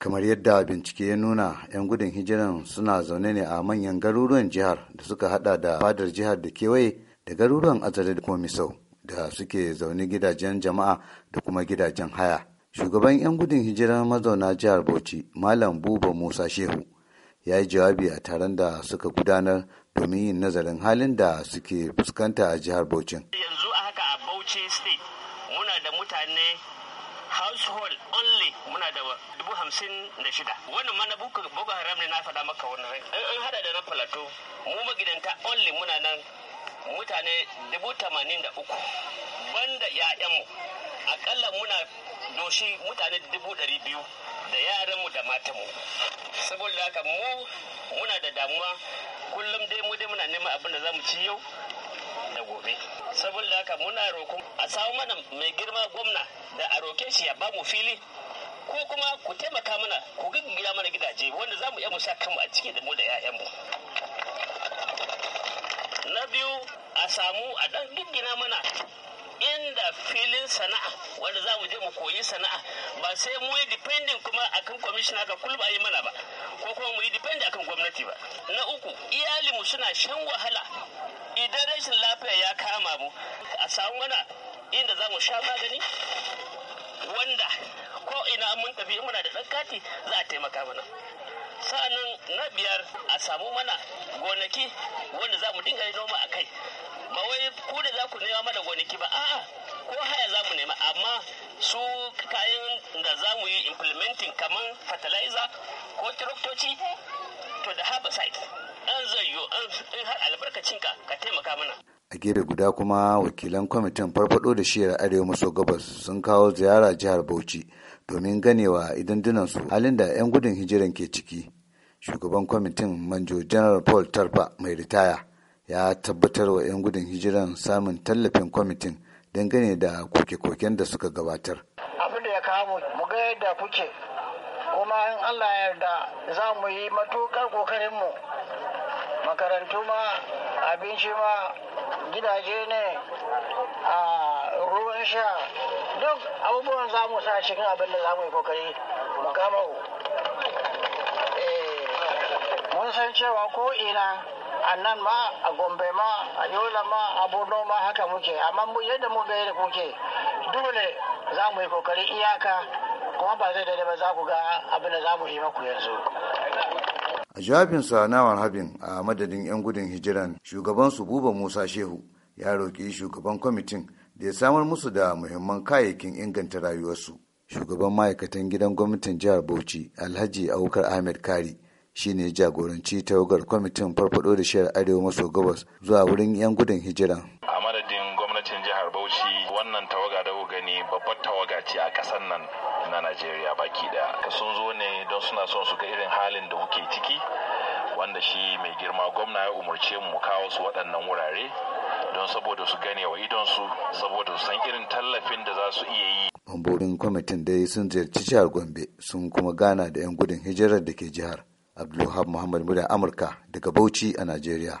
kamar yadda bincike ya nuna 'yan gudun hijiran suna zaune ne a manyan garuruwan jihar da suka hada da fadar jihar da kewaye da garuruwan azare da komisau da suke zaune gidajen jama'a da kuma gidajen haya shugaban 'yan gudun hijiran mazauna jihar bauchi malam buba musa shehu ya yi jawabi a taron da suka gudanar domin yin nazarin halin da suke fuskanta a jihar bauchi yanzu a haka a bauchi state muna da mutane household only muna da dubu hamsin da shida wannan ma na boko haram ne na faɗa maka wannan in hada da na falato mu magidanta only muna nan mutane dubu tamanin da uku banda ‘ya'yanmu akalla muna doshi mutane dubu ɗari biyu da yaranmu da matanmu saboda haka mu muna da damuwa kullum dai mu dai muna neman abin da za mu ci yau na gobe saboda haka muna roƙon a samu mana mai girma gwamna da a roke shi ya bamu fili ko kuma ku taimaka mana ku gaggira mana gidaje wanda za mu iya mu sa kanmu a ciki da mu da 'ya'yanmu na biyu a samu a ɗan giggina mana inda filin sana'a wanda za mu je mu koyi sana'a ba sai mu yi dependin kuma akan commissioner ka kulba yi mana ba ko kuma mu yi dependin akan gwamnati ba na uku iyali mu suna shan wahala idan rashin lafiya ya kama mu a samu mana inda za mu sha magani wanda ko ina mun tafi muna da ɗan kati za a taimaka mana sa'annan na biyar a samu mana gonaki wanda za mu dinga noma a kai ba wai ku da za ku nema mana gonaki ba a'a ko haya za mu nema amma su kayan da za mu yi implementing kamar fertilizer ko traktoci to da herbicide an zayyo in har albarkacinka ka taimaka mana a gefe guda kuma wakilan kwamitin farfado da shiyar arewa maso gabas sun kawo ziyara jihar bauchi domin ganewa idan su halin da 'yan gudun hijiran ke ciki shugaban kwamitin manjo general paul tarfa mai ritaya ya tabbatar wa 'yan gudun hijiran samun tallafin kwamitin dangane da koke-koken da suka gabatar. Abin da ya kawo mu ga yadda kuke kuma in Allah ya yarda za mu yi matukar kokarinmu makarantu ma abinci ma gidaje ne a ruwan sha duk abubuwan za mu sa cikin abin da za mu yi kokari mu kama eh, mun san cewa ko ina a nan ma a gombe ma a yola ma a borno ma haka muke amma mu yadda mu ga yadda kuke dole za mu yi kokarin iyaka kuma ba zai daidai ba za ku ga abin da za mu yi maku yanzu a jawabinsa na habin a madadin 'yan gudun hijiran shugaban su buba musa shehu ya roƙi shugaban kwamitin da ya samar musu da muhimman kayayyakin inganta rayuwarsu shugaban ma'aikatan gidan gwamnatin jihar bauchi alhaji abubakar ahmed kari shine jagoranci tawagar kwamitin farfado da shiyar arewa maso gabas zuwa wurin 'yan gudun hijira. A madadin gwamnatin jihar Bauchi wannan tawaga da gani babbar tawaga ce a kasar nan na Najeriya baki ɗaya. Sun zo ne don suna son su ga irin halin da kuke ciki wanda shi mai girma gwamna ya umarce mu kawo su waɗannan wurare don saboda su gane wa su saboda su san irin tallafin da za su iya yi. mambobin kwamitin dai sun ziyarci jihar Gombe sun kuma gana da 'yan gudun hijirar da ke jihar. Abdulwahab Muhammad Murya Amurka daga Bauchi a Najeriya.